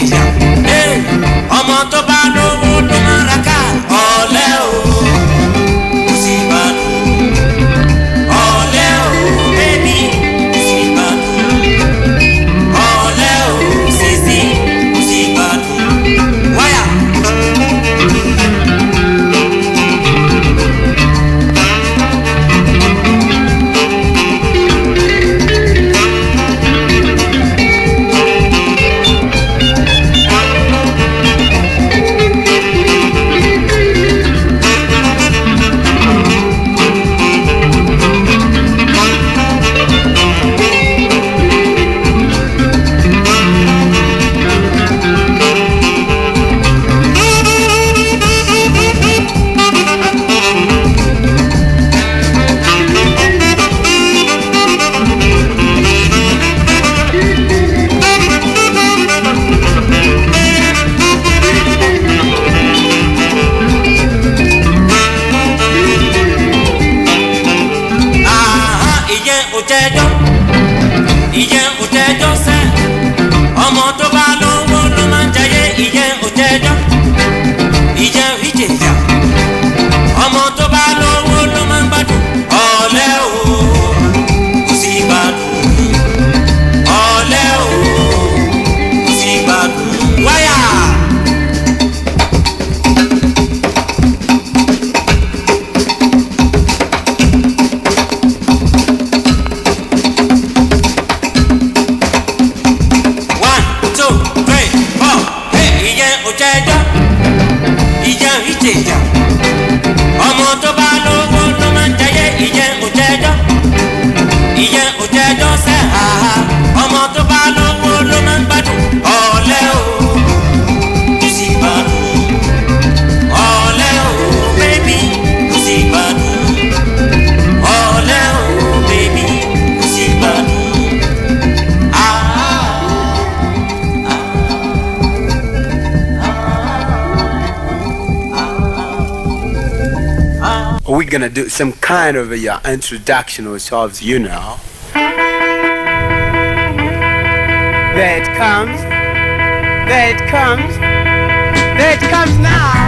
méjèèjì ọmọ tó bá lówó ló máa ra ká ọ̀lẹ́ o. some kind of a, introduction solves you know. That comes, that comes, that comes now.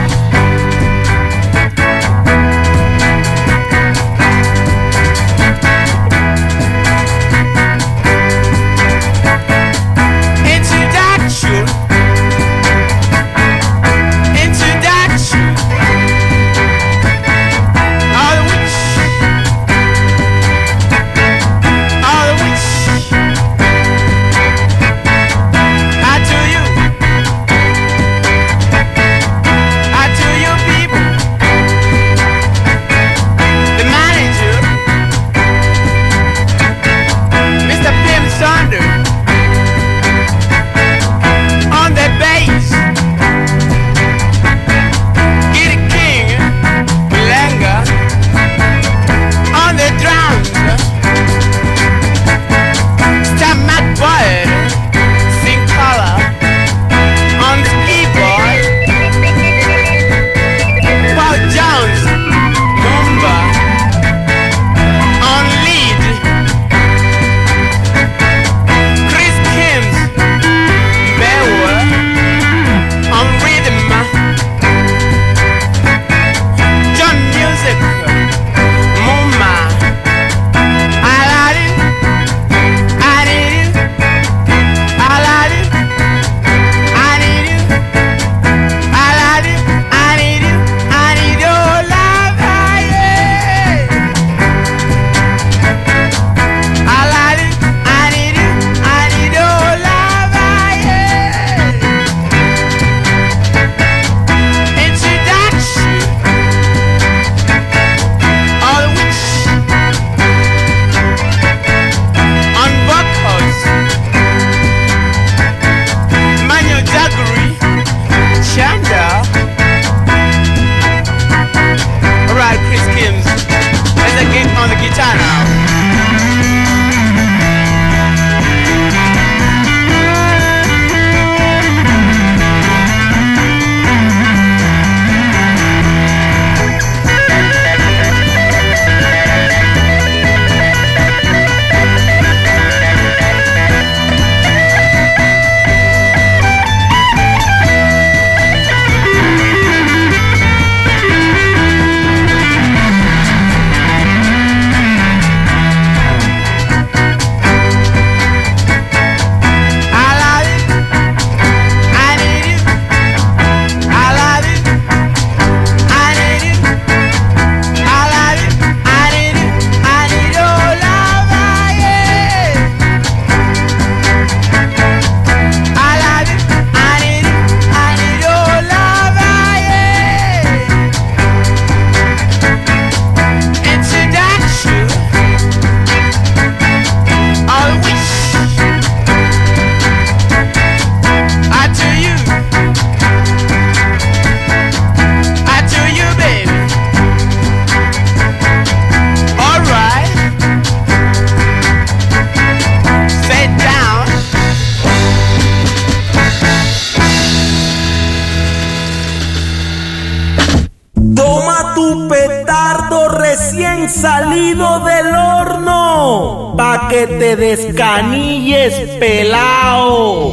canilles pelao.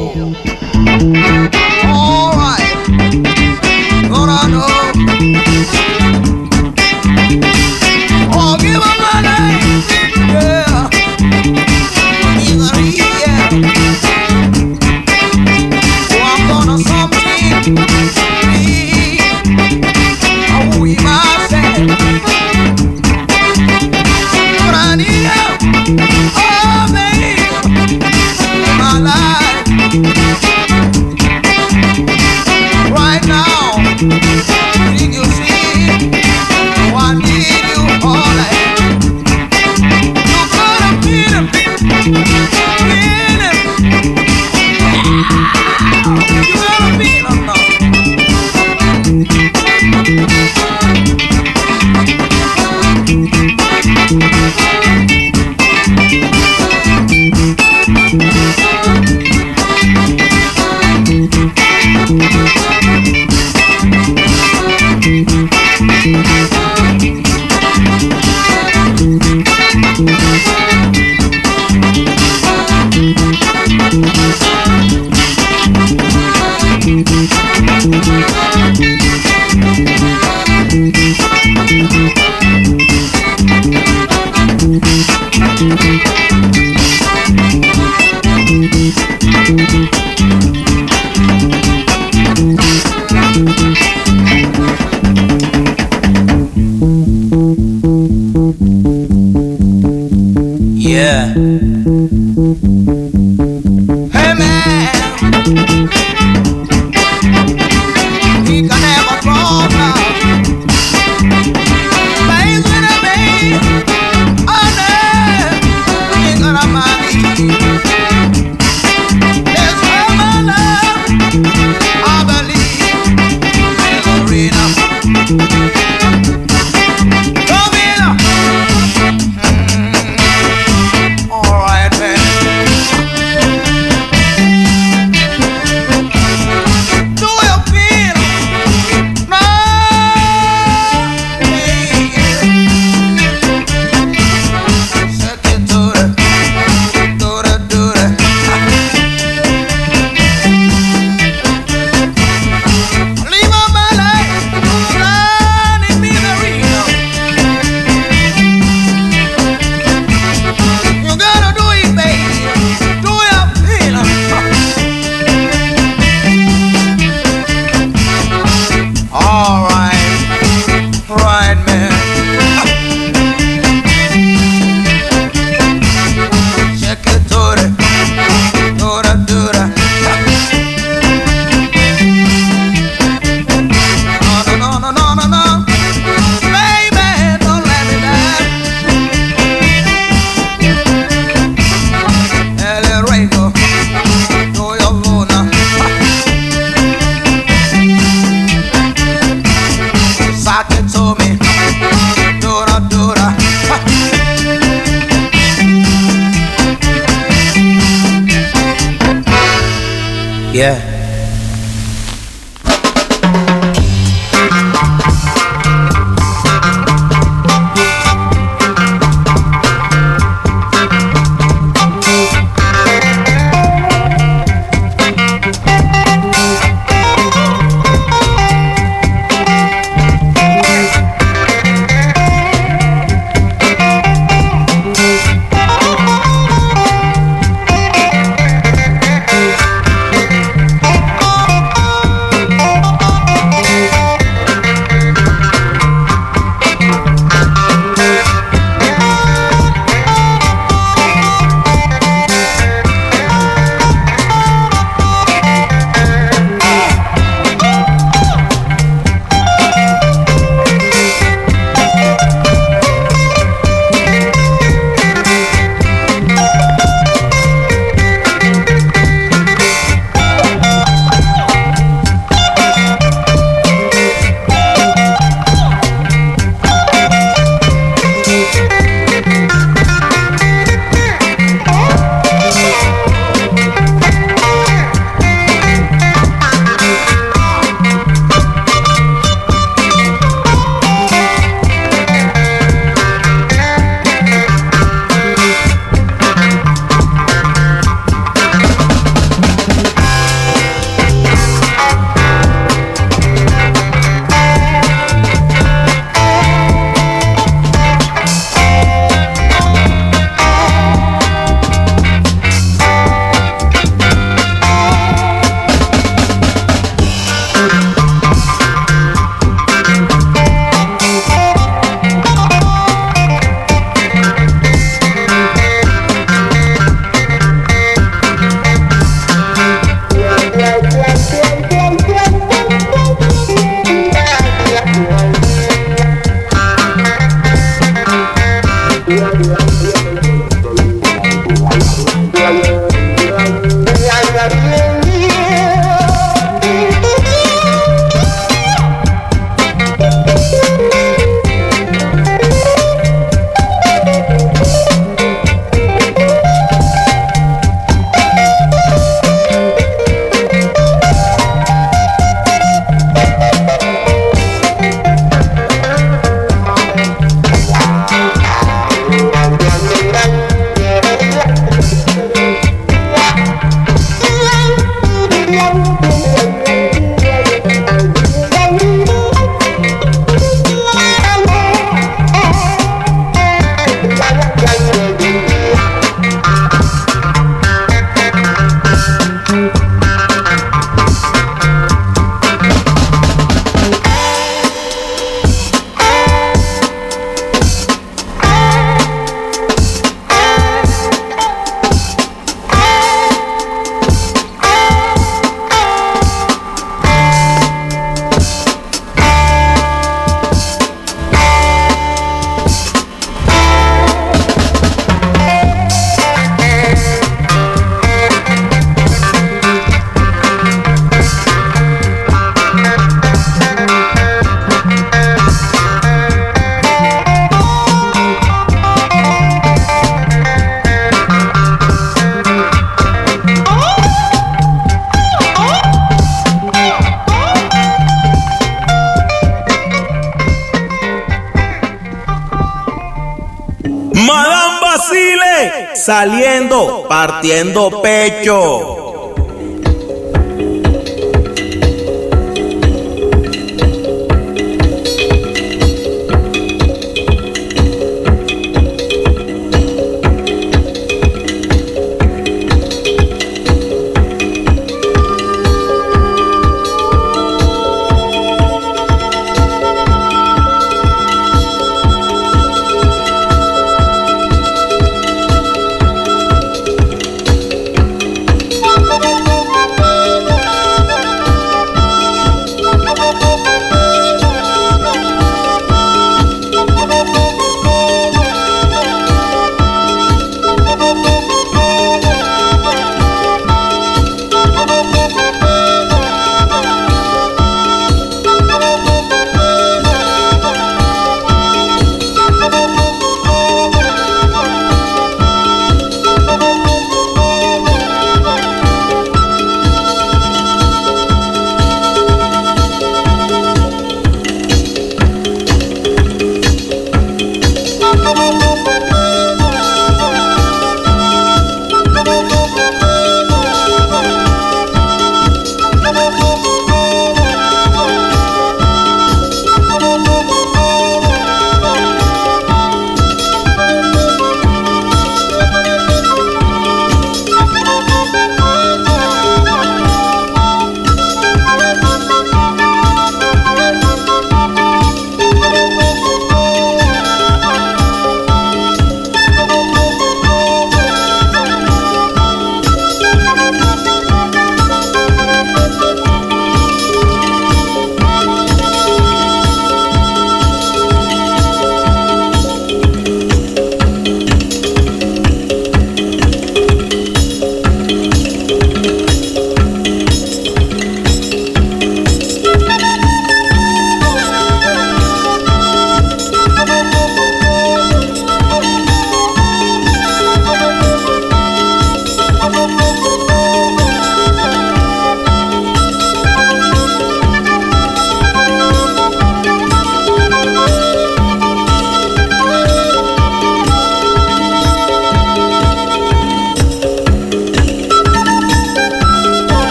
partiendo pecho.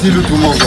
Disney le tout le monde.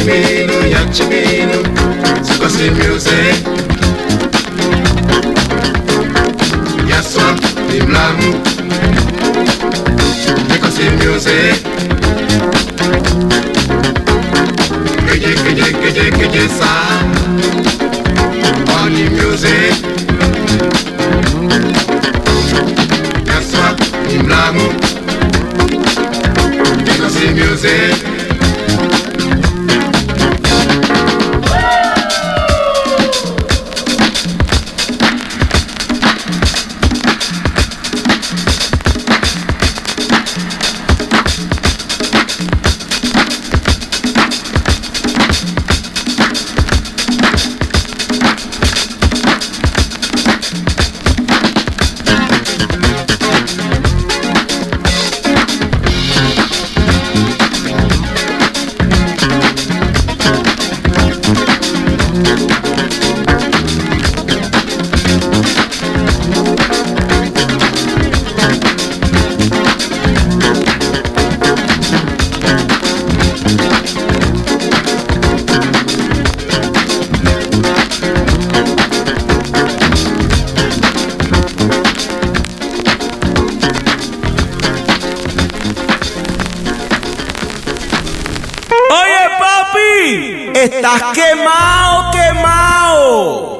to me. Estás queimado, queimado.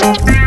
Thank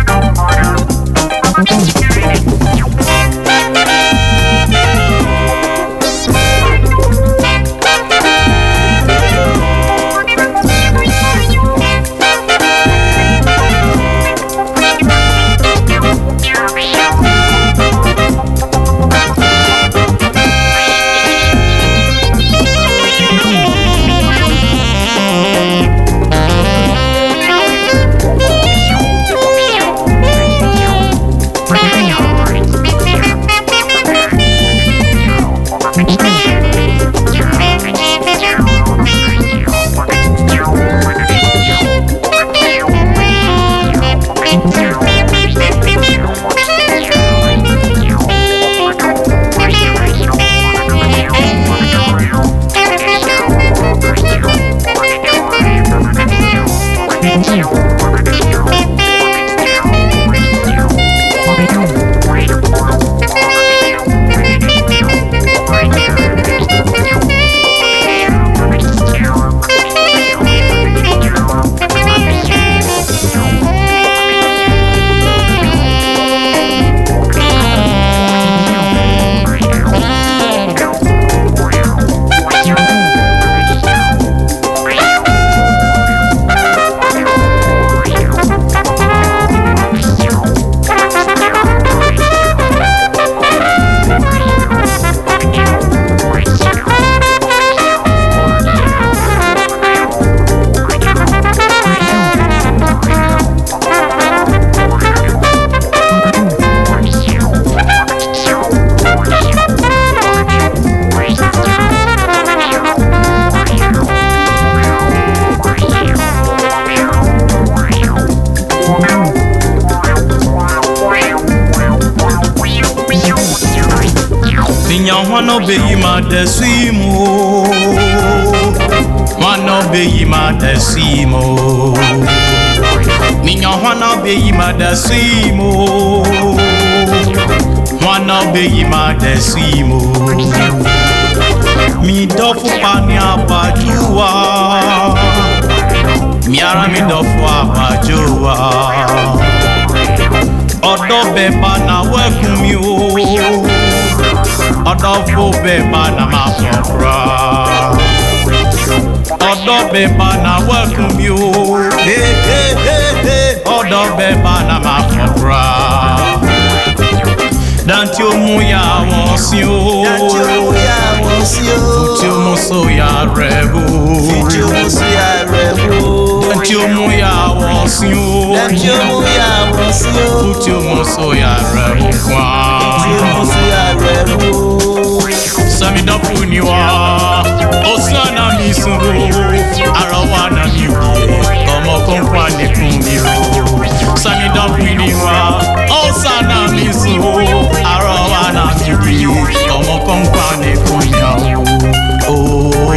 nya hwan obeyi ma dɛso yi mu o hwan obeyi ma dɛso yi mu o minya hwan obeyi ma dɛso yi mu o hwan obeyi ma dɛso yi mu o mi dɔfo pani abajuwa mi ara mi dɔfo abajuwa ɔdɔ bɛ ba na wɛkun mi o ọdọfo bẹẹma na ma sọ kura ọdọ bẹẹma na welcome you, o ọdọ bẹẹma na ma sọ kura dantí o mú ya wọn sí o fìtí o mú sóyà rẹ bò fìtí o mú sóyà rẹ bò. Put your moon ya was you. Put your moon ya was you. Put your moon so ya rebu kwa. Put your moon so ya rebu. Sami da puni wa. Osa na mi sunro. Arawa na mi uye. Ọmọ kan kwa ni kun mi ro. Sami da puni wa. Osa na mi sunro. Arawa na mi uye. Ọmọ kan kwa ni kun mi ro. Oh.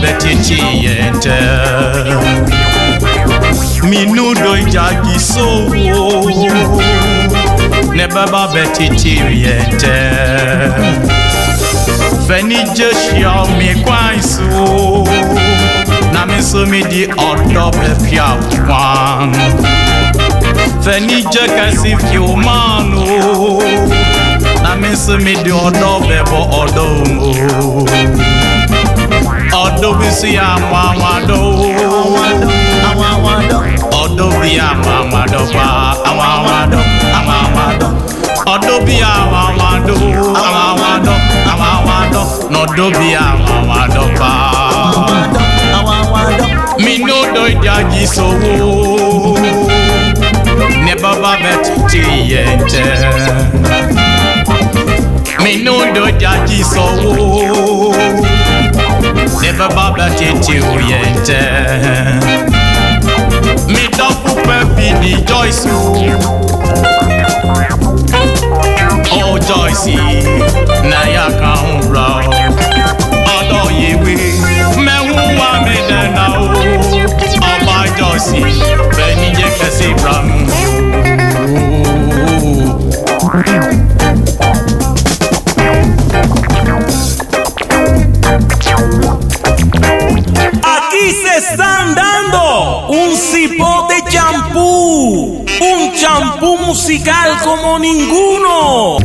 Mi betetiente minudo ijagisowo ne baba betitiriente mi siaomi kwanso na mi di ọdọ pẹpia kwan fenije kasi fiomano na mi di ọdọ bẹbọ ọdọ omo. ọdún bí sí àwọn àwọn àdó. àwọn àwọn àdó. ọdún bí àwọn àwọn àdó pa àwọn àwọn àdó àwọn àwọn àdó. ọdún bí àwọn àwọn àdó àwọn àwọn àdó àwọn àwọn àdó nọdún bí àwọn àwọn àdó pa. mi ní odò ìdájí sowó ne baba bẹ tuntun yẹn jẹ mi ní odò ìdájí sowó never babbla titjuljente Middagspoppen Billy Joyce Oh Joyce, när jag kan bra Adå givi, men hon var med denna år Abba Joyce, vem inte kan se fram un de champú, un champú musical como ninguno.